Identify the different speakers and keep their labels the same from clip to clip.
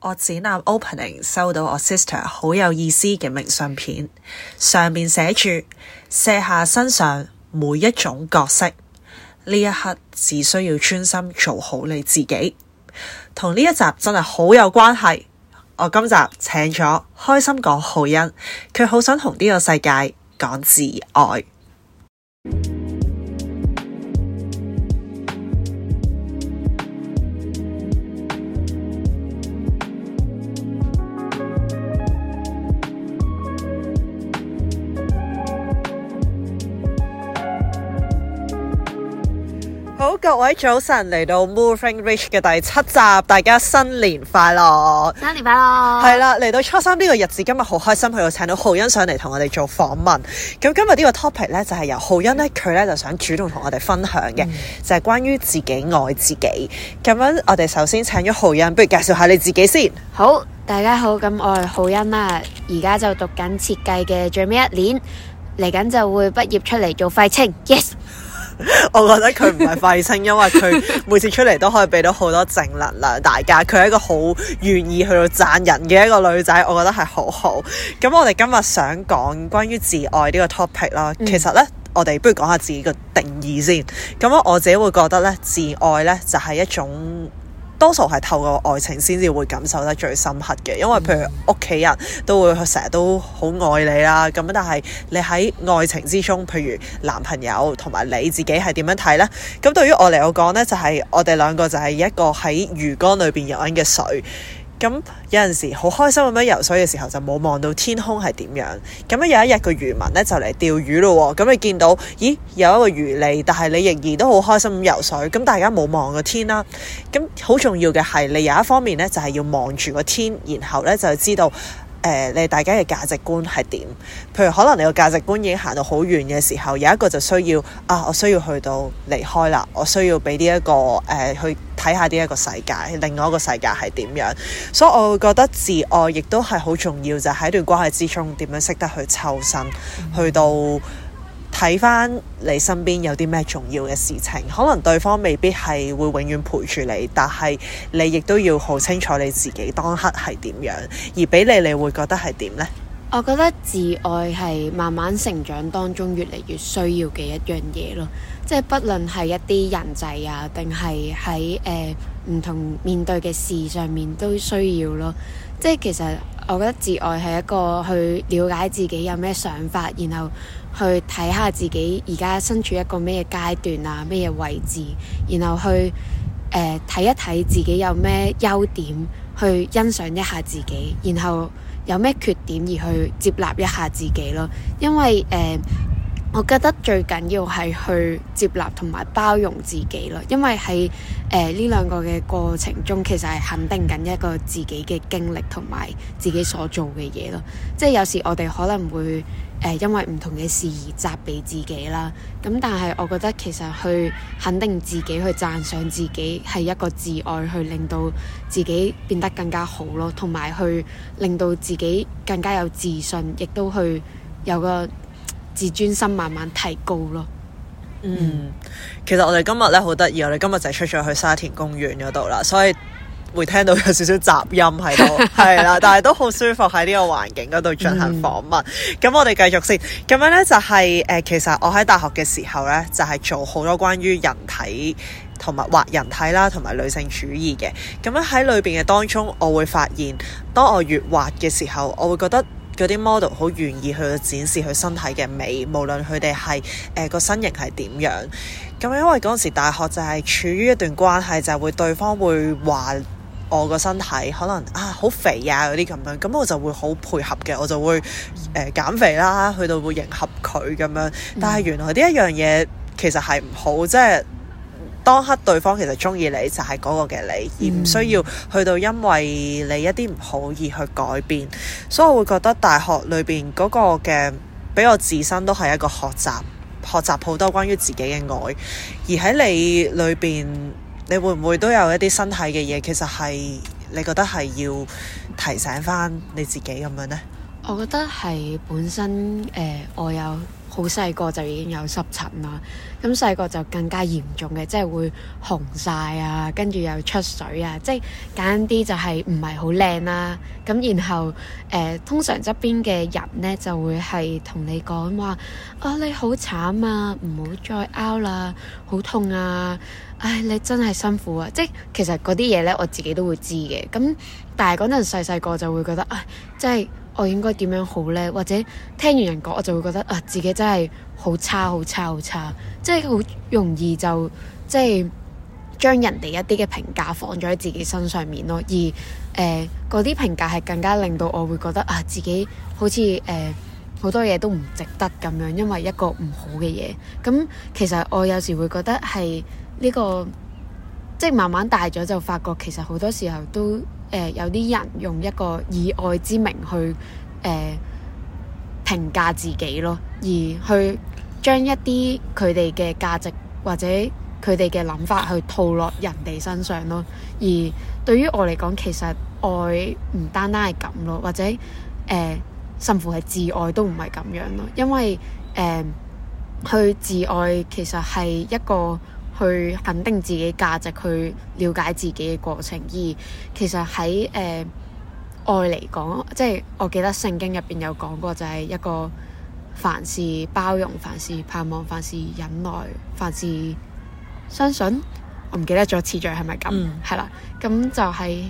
Speaker 1: 我展覽 opening 收到我 sister 好有意思嘅明信片，上面寫住卸下身上每一種角色，呢一刻只需要專心做好你自己。同呢一集真係好有關係。我今集請咗開心果皓欣，佢好想同呢個世界講自愛。 各位早晨，嚟到 Moving Reach 嘅第七集，大家新年快樂！新年快樂！係啦，嚟到初三呢個日子，今日好開心，佢又請到皓欣上嚟同我哋做訪問。咁今日呢個 topic 咧就係、是、由皓欣咧，佢咧就想主動同我哋分享嘅，嗯、就係關於自己愛自己。咁樣，我哋首先請咗皓欣，不如介紹下你自己先。
Speaker 2: 好，大家好，咁我係皓欣啦、啊，而家就讀緊設計嘅最尾一年，嚟緊就會畢業出嚟做廢青。Yes。
Speaker 1: 我覺得佢唔係廢青，因為佢每次出嚟都可以俾到好多正能量大家。佢係一個好願意去到讚人嘅一個女仔，我覺得係好好。咁我哋今日想講關於自愛呢個 topic 啦。其實呢，我哋不如講下自己嘅定義先。咁我自己會覺得呢，自愛呢就係一種。多數係透過愛情先至會感受得最深刻嘅，因為譬如屋企人都會成日都好愛你啦，咁但係你喺愛情之中，譬如男朋友同埋你自己係點樣睇呢？咁對於我嚟，我講呢，就係、是、我哋兩個就係一個喺魚缸裏邊游嘅水。咁有陣時好開心咁樣游水嘅時候就冇望到天空係點樣，咁樣有一日個漁民咧就嚟釣魚咯，咁你見到，咦，有一個魚嚟，但係你仍然都好開心咁游水，咁大家冇望個天啦，啊，咁好重要嘅係你有一方面咧就係、是、要望住個天，然後咧就知道。誒、呃，你大家嘅價值觀係點？譬如可能你個價值觀已經行到好遠嘅時候，有一個就需要啊，我需要去到離開啦，我需要俾呢一個誒、呃，去睇下呢一個世界，另外一個世界係點樣？所以我會覺得自愛亦都係好重要，就喺一段關係之中，點樣識得去抽身，去到。睇翻你身邊有啲咩重要嘅事情，可能對方未必係會永遠陪住你，但係你亦都要
Speaker 2: 好清楚你自己
Speaker 1: 當刻係點樣，而俾你你會覺得係點呢？
Speaker 2: 我覺得自愛係慢慢成長當中越嚟越需要嘅一樣嘢咯，即係不論係一啲人際啊，定係喺誒唔同面對嘅事上面都需要咯。即係其實我覺得自愛係一個去了解自己有咩想法，然後。去睇下自己而家身處一個咩階段啊，咩嘢位置，然後去誒睇、呃、一睇自己有咩優點，去欣賞一下自己，然後有咩缺點而去接納一下自己咯。因為誒、呃，我覺得最緊要係去接納同埋包容自己咯。因為喺誒呢兩個嘅過程中，其實係肯定緊一個自己嘅經歷同埋自己所做嘅嘢咯。即係有時我哋可能會。因為唔同嘅事而責備自己啦，咁、嗯、但係我覺得其實去肯定自己，去讚賞自己係一個自愛，去令到自己變得更加好咯，同埋去令到自己更加有自信，亦都去有個自尊心慢慢提高咯。嗯，
Speaker 1: 其實我哋今日咧好得意，我哋今日就出咗去沙田公園嗰度啦，所以。會聽到有少少雜音喺度，係啦，但係都好舒服喺呢個環境嗰度進行訪問。咁、嗯、我哋繼續先。咁樣呢，就係、是、誒、呃，其實我喺大學嘅時候呢，就係、係、做好多關於人體同埋畫人體啦，同埋女性主義嘅。咁樣喺裏邊嘅當中，我會發現，當我越畫嘅時候，我會覺得嗰啲 model 好願意去展示佢身體嘅美，無論佢哋係誒個身形係點樣。咁因為嗰陣時大學就係處於一段關係，就係、會對方會話，我個身體可能啊好肥啊嗰啲咁樣，咁我就會好配合嘅，我就會誒減肥啦，去到會迎合佢咁樣。但係原來呢一樣嘢其實係唔好，即係當刻對方其實中意你就係嗰個嘅你。嗯、而唔需要去到因為你一啲唔好而去改變。所以我會覺得大學裏邊嗰個嘅俾我自身都係一個學習，學習好多關於自己嘅愛，而喺你裏邊。你會唔會都有一啲身體嘅嘢，其實係你覺得係要提醒翻你自己咁樣呢？
Speaker 2: 我覺得係本身，誒、呃，我有。好細個就已經有濕疹啦，咁細個就更加嚴重嘅，即係會紅晒啊，跟住又出水啊，即係簡單啲就係唔係好靚啦。咁然後誒、呃，通常側邊嘅人咧就會係同你講話啊，你好慘啊，唔好再拗啦，好痛啊，唉，你真係辛苦啊！即係其實嗰啲嘢咧，我自己都會知嘅。咁但係嗰陣細細個就會覺得啊，即係，真我應該點樣好呢？或者聽完人講，我就會覺得啊，自己真係好差、好差、好差，即係好容易就即係將人哋一啲嘅評價放咗喺自己身上面咯。而誒嗰啲評價係更加令到我會覺得啊，自己好似誒好多嘢都唔值得咁樣，因為一個唔好嘅嘢。咁、嗯、其實我有時會覺得係呢個，即係慢慢大咗就發覺，其實好多時候都。誒、呃、有啲人用一個以愛之名去誒評價自己咯，而去將一啲佢哋嘅價值或者佢哋嘅諗法去套落人哋身上咯。而對於我嚟講，其實愛唔單單係咁咯，或者誒、呃、甚至乎係自愛都唔係咁樣咯，因為誒去、呃、自愛其實係一個。去肯定自己價值，去了解自己嘅過程。而其實喺誒、呃、愛嚟講，即係我記得聖經入邊有講過，就係一個凡事包容，凡事盼望，凡事忍耐，凡事相信。我唔記得咗次序係咪咁？係啦。咁、mm. 就係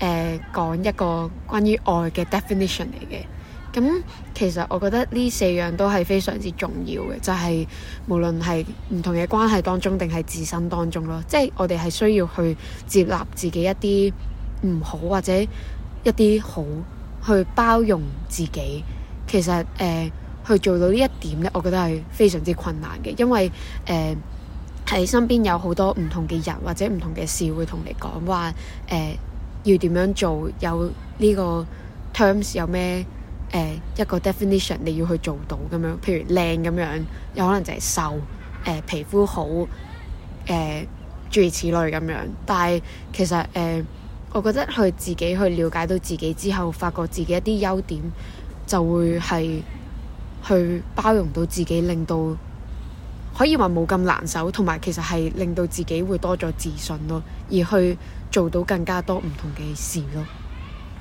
Speaker 2: 誒講一個關於愛嘅 definition 嚟嘅。咁其實我覺得呢四樣都係非常之重要嘅，就係、是、無論係唔同嘅關係當中，定係自身當中咯。即係我哋係需要去接納自己一啲唔好或者一啲好去包容自己。其實誒、呃、去做到呢一點咧，我覺得係非常之困難嘅，因為誒喺、呃、身邊有好多唔同嘅人或者唔同嘅事會同你講話誒要點樣做，有呢個 terms 有咩？誒、呃、一個 definition 你要去做到咁樣，譬如靚咁樣，有可能就係瘦，誒、呃、皮膚好，誒諸如此類咁樣，但係其實誒、呃，我覺得佢自己去了解到自己之後，發覺自己一啲優點就會係去包容到自己，令到可以話冇咁難受，同埋其實係令到自己會多咗自信咯，而去做到更加多唔同嘅事咯。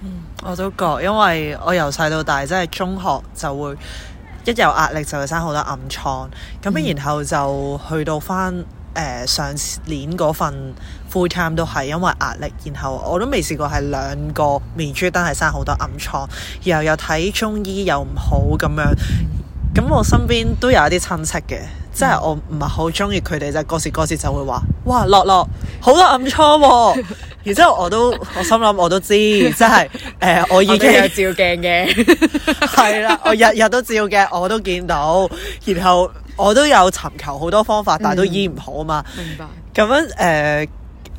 Speaker 1: 嗯、我都覺，因為我由細到大，即係中學就會一有壓力就會生好多暗瘡，咁、嗯、然後就去到返誒、呃、上年嗰份 full time 都係因為壓力，然後我都未試過係兩個面珠墩係生好多暗瘡，然後又睇中醫又唔好咁樣，咁我身邊都有一啲親戚嘅，即係、嗯、我唔係好中意佢哋，就是、個時個時就會話，哇，樂樂好多暗瘡、啊。 然之後我都我心諗我都知，即係
Speaker 2: 誒我已經有照鏡嘅，
Speaker 1: 係啦， 我日日都照鏡，我都見到。然後我都有尋求好多方法，但係都醫唔好啊嘛、嗯。明白。咁樣誒、呃，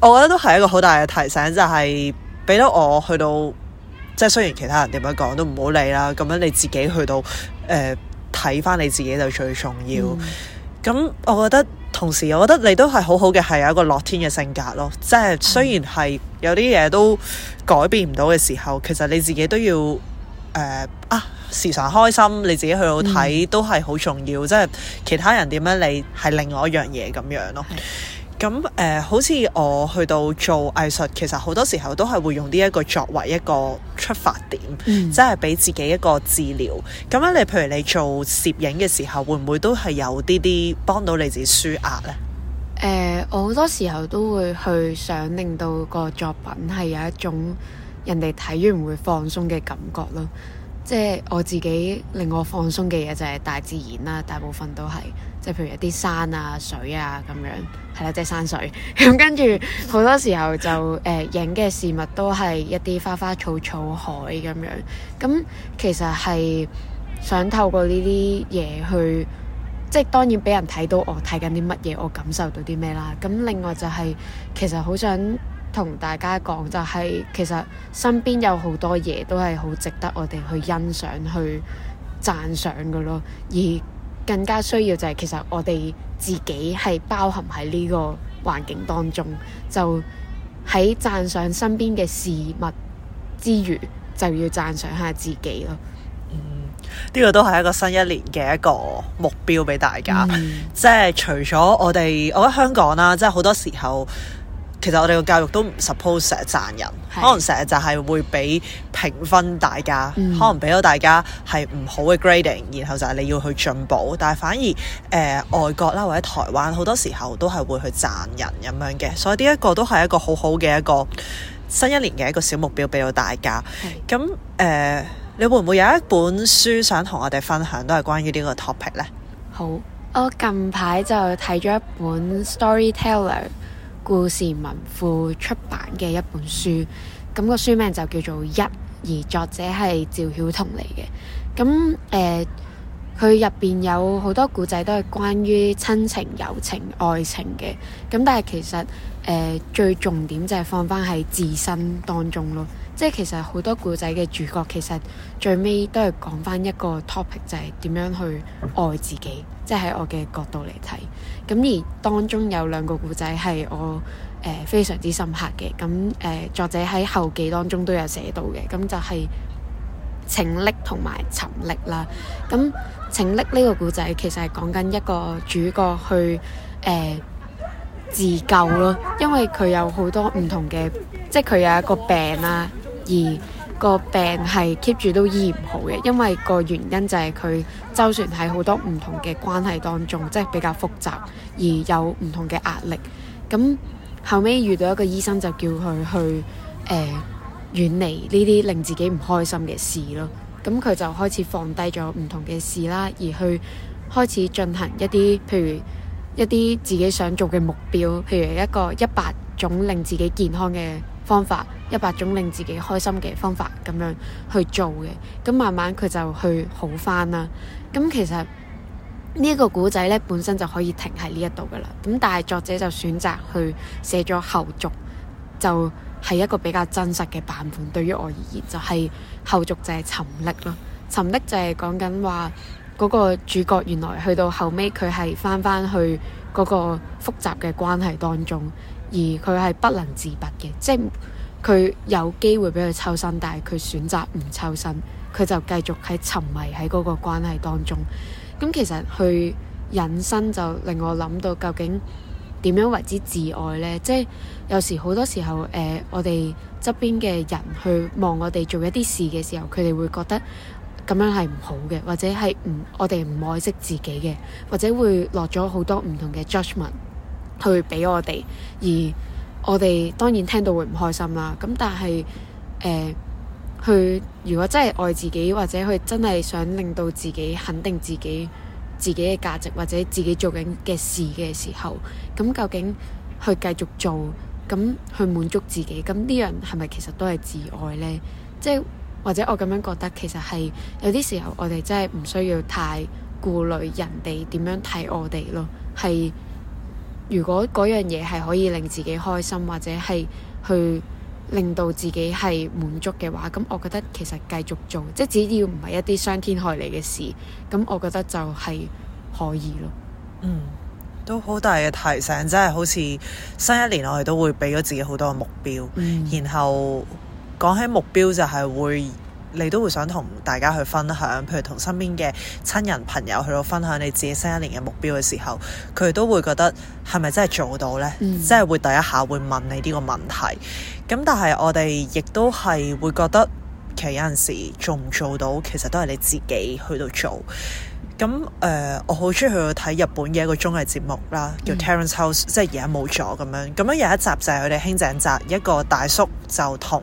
Speaker 1: 我覺得都係一個好大嘅提醒，就係俾到我去到，即係雖然其他人點樣講都唔好理啦。咁樣你自己去到誒睇翻，你自己就最重要。嗯咁，我覺得同時，我覺得你都係好好嘅，係有一個樂天嘅性格咯。即係雖然係有啲嘢都改變唔到嘅時候，其實你自己都要誒、呃、啊時常開心，你自己去到睇都係好重要。嗯、即係其他人點樣，你係另外一樣嘢咁樣咯。咁誒、呃，好似我去到做藝術，其實好多時候都係會用呢一個作為一個出發點，即係俾自己一個治療。咁樣你，譬如你做攝影嘅時候，會唔會都係有啲啲幫到你自己舒壓呢？
Speaker 2: 誒、呃，我好多時候都會去想令到個作品係有一種人哋睇完會放鬆嘅感覺咯。即係我自己令我放鬆嘅嘢就係大自然啦，大部分都係。即係譬如一啲山啊、水啊咁樣，係啦，即係山水。咁跟住好多時候就誒影嘅事物都係一啲花花草草、海咁樣。咁其實係想透過呢啲嘢去，即係當然俾人睇到我睇緊啲乜嘢，我感受到啲咩啦。咁另外就係、係、其實好想同大家講、就係，就係其實身邊有好多嘢都係好值得我哋去欣賞、去讚賞嘅咯，而，更加需要就係，其實我哋自己係包含喺呢個環境當中，就喺讚賞身邊嘅事物之餘，就要讚賞下自己咯。嗯，呢個都係一
Speaker 1: 個新一年嘅一個目標俾大家。嗯、即係除咗我哋，我覺得香港啦，即係好多時候。其實我哋個教育都唔 suppose 成日讚人。是可能成日就係會俾評分大家，嗯、可能俾到大家係唔好嘅 grading，然後就係你要去進步。但係反而誒、呃、外國啦或者台灣好多時候都係會去讚人咁樣嘅，所以呢一個都係一個好好嘅一個新一年嘅一個小目標俾到大家。咁誒是、呃，你會唔會有一本書想同我哋分享，都係關於呢個 topic 呢？好，我近排就睇
Speaker 2: 咗一本 storyteller。故事文庫出版嘅一本書，咁個書名就叫做《一》，而作者係趙曉彤嚟嘅。咁誒，佢入邊有好多古仔都係關於親情、友情、愛情嘅。咁但係其實誒、呃，最重點就係放翻喺自身當中咯。即係其實好多古仔嘅主角，其實最尾都係講翻一個 topic，就係點樣去愛自己。即係我嘅角度嚟睇，咁而當中有兩個故仔係我誒、呃、非常之深刻嘅，咁誒、呃、作者喺後記當中都有寫到嘅，咁就係情溺同埋沉溺啦。咁情溺呢個故仔其實係講緊一個主角去誒、呃、自救咯，因為佢有好多唔同嘅，即係佢有一個病啦，而個病係 keep 住都醫唔好嘅，因為個原因就係佢周旋喺好多唔同嘅關係當中，即係比較複雜，而有唔同嘅壓力。咁後尾遇到一個醫生，就叫佢去誒遠離呢啲令自己唔開心嘅事咯。咁佢就開始放低咗唔同嘅事啦，而去開始進行一啲，譬如一啲自己想做嘅目標，譬如一個一百種令自己健康嘅方法，一百種令自己開心嘅方法，咁樣去做嘅，咁慢慢佢就去好返啦。咁其實呢個古仔呢，本身就可以停喺呢一度噶啦，咁但係作者就選擇去寫咗後續，就係一個比較真實嘅版本。對於我而言，就係後續就係沉溺咯。沉溺就係講緊話嗰個主角原來去到後尾佢係返返去嗰個複雜嘅關係當中。而佢係不能自拔嘅，即係佢有機會俾佢抽身，但係佢選擇唔抽身，佢就繼續喺沉迷喺嗰個關係當中。咁其實去引申就令我諗到，究竟點樣為之自愛呢？即係有時好多時候，誒、呃、我哋側邊嘅人去望我哋做一啲事嘅時候，佢哋會覺得咁樣係唔好嘅，或者係唔我哋唔愛惜自己嘅，或者會落咗好多唔同嘅 judgment 去俾我哋，而我哋當然聽到會唔開心啦。咁但係誒，佢、呃、如果真係愛自己，或者佢真係想令到自己肯定自己、自己嘅價值，或者自己做緊嘅事嘅時候，咁究竟去繼續做，咁去滿足自己，咁呢樣係咪其實都係自愛呢？即係或者我咁樣覺得，其實係有啲時候我哋真係唔需要太顧慮人哋點樣睇我哋咯，係。如果嗰樣嘢係可以令自己開心，或者係去令到自己係滿足嘅話，咁我覺得其實繼續做，即係只要唔係一啲傷天害理嘅事，咁我覺得就係可以咯。嗯，
Speaker 1: 都好大嘅提醒，真係好似新一年我哋都會俾咗自己好多嘅目標，嗯，然後講起目標，就係會。你都會想同大家去分享，譬如同身邊嘅親人朋友去到分享你自己新一年嘅目標嘅時候，佢哋都會覺得係咪真係做到呢？嗯、即係會第一下會問你呢個問題。咁但係我哋亦都係會覺得。其實有陣時做唔做到，其實都係你自己去到做。咁誒、呃，我好中意去睇日本嘅一個綜藝節目啦，叫 Terrace House、嗯、即係而家冇咗咁樣。咁樣有一集就係佢哋輕井澤，一個大叔就同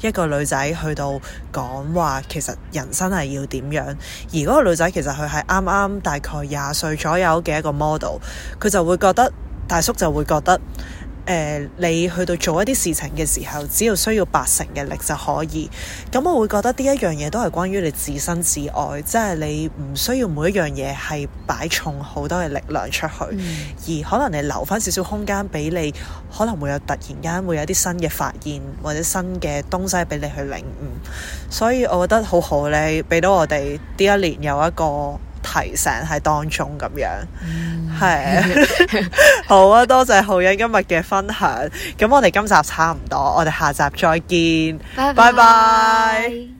Speaker 1: 一個女仔去到講話，其實人生係要點樣。而嗰個女仔其實佢係啱啱大概廿歲左右嘅一個 model，佢就會覺得大叔就會覺得。誒、呃，你去到做一啲事情嘅時候，只要需要八成嘅力就可以。咁我會覺得呢一樣嘢都係關於你自身自愛，即、就、係、是、你唔需要每一樣嘢係擺重好多嘅力量出去，嗯、而可能你留翻少少空間俾你，可能會有突然間會有啲新嘅發現或者新嘅東西俾你去領悟。所以我覺得好好咧，俾到我哋呢一年有一個。提醒喺當中咁樣，係、嗯、是 好啊！ 多謝皓欣今日嘅分享。咁我哋今集差唔多，我哋下集再見。拜拜 bye。Bye bye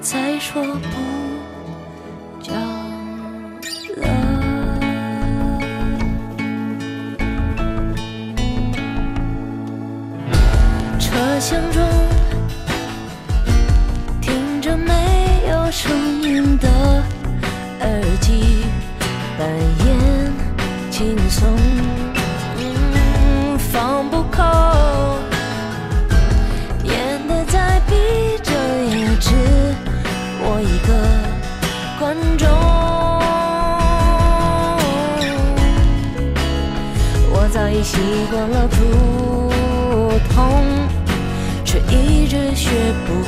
Speaker 3: 再說不。過了普通，卻一直學不懂。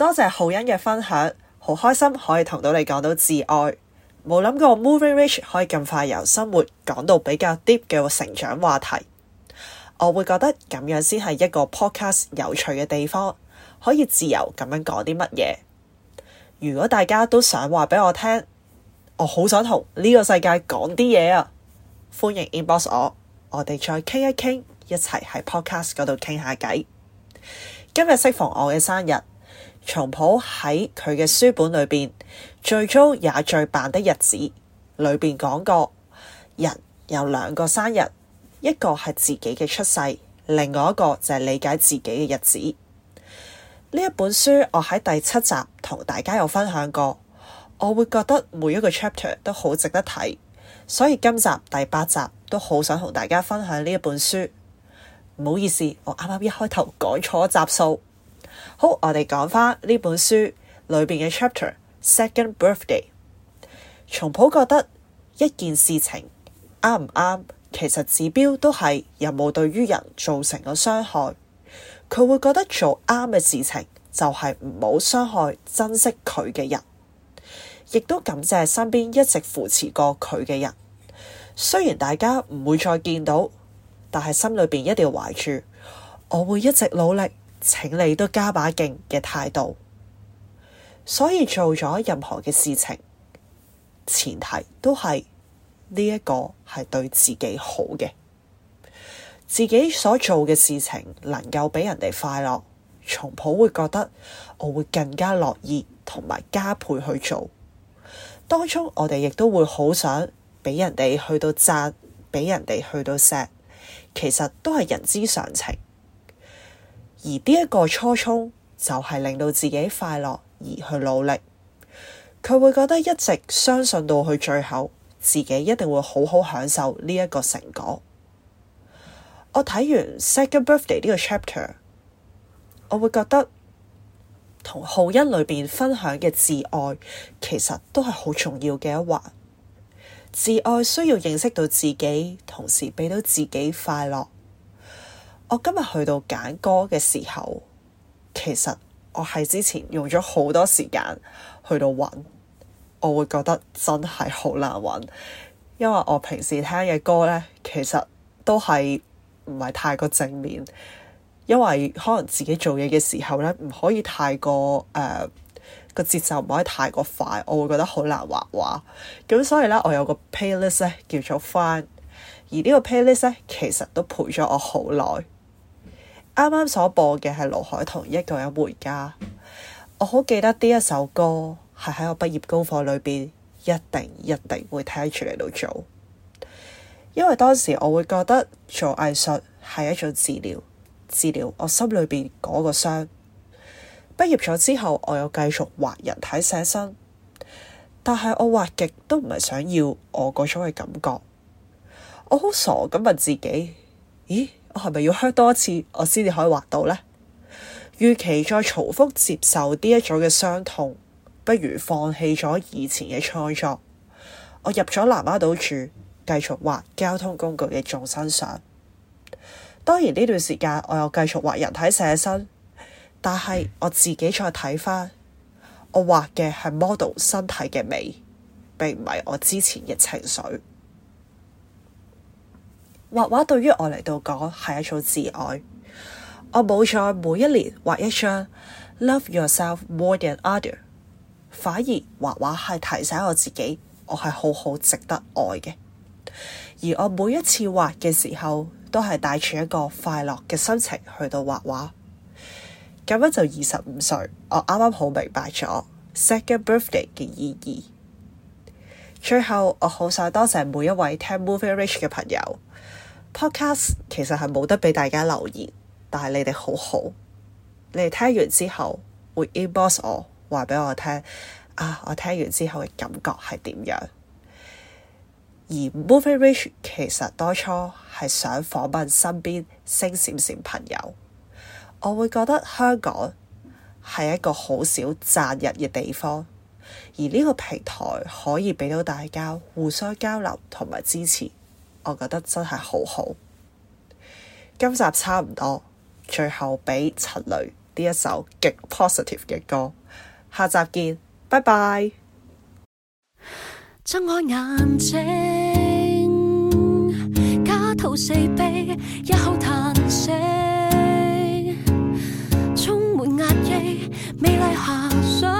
Speaker 1: 多謝皓欣嘅分享，好開心可以同到你講到自愛，冇諗過 Moving Reach 可以咁快由生活講到比較 deep 嘅成長話題。我會覺得咁樣先係一個 podcast 有趣嘅地方，可以自由咁樣講啲乜嘢。如果大家都想話俾我聽，我好想同呢個世界講啲嘢啊！歡迎 inbox 我，我哋再傾一傾，一齊喺 podcast 嗰度傾下偈。今日適逢我嘅生日。松浦喺佢嘅書本裏邊，最糟也最棒的日子裏邊講過，人有兩個生日，一個係自己嘅出世，另外一個就係理解自己嘅日子。呢一本書我喺第七集同大家有分享過，我會覺得每一個 chapter 都好值得睇，所以今集第八集都好想同大家分享呢一本書。唔好意思，我啱啱一開頭改錯集數。好，我哋講返呢本書裏邊嘅 chapter Second Birthday。松浦覺得一件事情啱唔啱，其實指標都係有冇對於人造成過傷害。佢會覺得做啱嘅事情就係唔好傷害珍惜佢嘅人，亦都感謝身邊一直扶持過佢嘅人。雖然大家唔會再見到，但係心裏邊一定要懷住，我會一直努力。請你都加把勁嘅態度，所以做咗任何嘅事情，前提都係呢一個係對自己好嘅，自己所做嘅事情能夠畀人哋快樂，從普會覺得我會更加樂意同埋加倍去做。當中我哋亦都會好想畀人哋去到讚，畀人哋去到錫，其實都係人之常情。而呢一個初衷就係、是、令到自己快樂而去努力，佢會覺得一直相信到去最後，自己一定會好好享受呢一個成果。我睇完 Second Birthday 呢個 chapter，我會覺得同皓欣裏邊分享嘅自愛，其實都係好重要嘅一環。自愛需要認識到自己，同時畀到自己快樂。我今日去到揀歌嘅時候，其實我係之前用咗好多時間去到揾，我會覺得真係好難揾，因為我平時聽嘅歌呢，其實都係唔係太過正面，因為可能自己做嘢嘅時候呢，唔可以太過，誒個節奏唔可以太過快，我會覺得好難畫畫。咁所以呢，我有個 playlist 呢，叫做 Fun，而呢個 playlist 呢，其實都陪咗我好耐。啱啱所播嘅係盧凱彤一個人回家，我好記得呢一首歌係喺我畢業功課裏邊一定一定會聽住嚟到做，因為當時我會覺得做藝術係一種治療，治療我心裏邊嗰個傷。畢業咗之後，我又繼續畫人體寫生，但係我畫極都唔係想要我嗰種嘅感覺，我好傻咁問自己，咦？我係咪要 hurt 多一次，我先至可以畫到呢？與其再重複接受呢一種嘅傷痛，不如放棄咗以前嘅創作。我入咗南丫島住，繼續畫交通工具嘅眾生相。當然呢段時間，我又繼續畫人體寫生，但係我自己再睇返，我畫嘅係 model 身體嘅美，並唔係我之前嘅情緒。畫畫對於我嚟到講係一種自愛。我冇再每一年畫一張 Love Yourself More Than Other，反而畫畫係提醒我自己，我係好好值得愛嘅。而我每一次畫嘅時候，都係帶住一個快樂嘅心情去到畫畫。咁樣就二十五歲，我啱啱好明白咗 Second Birthday 嘅意義。最後，我好想多謝每一位聽 Moving Reach 嘅朋友。Podcast 其實係冇得畀大家留言，但係你哋好好，你哋聽完之後會 inbox 我，話畀我聽啊，我聽完之後嘅感覺係點樣？而 Moving Reach 其實當初係想訪問身邊星閃閃朋友，我會覺得香港係一個好少讚人嘅地方，而呢個平台可以畀到大家互相交流同埋支持。我覺得真係好好，今集差唔多，最後畀陳蕾呢一首極 positive 嘅歌，下集見，拜拜。睜開眼
Speaker 3: 睛，家徒四壁，一口嘆息，充滿壓抑，美麗下。想。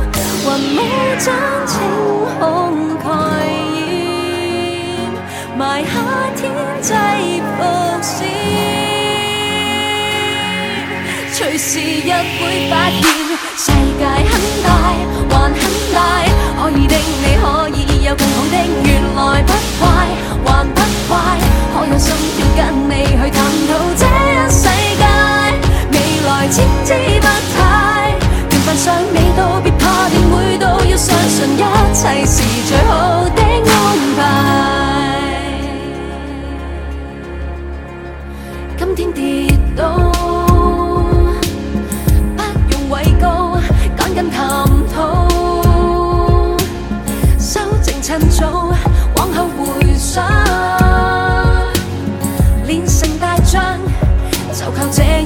Speaker 3: 不會發現世界很大，還很大。可以的，你可以有更好的，原來不快，還不快。可有心跳跟你去探討這一世界，未來千姿百態。緣分尚未到，別怕，定會到。要相信一切是最好。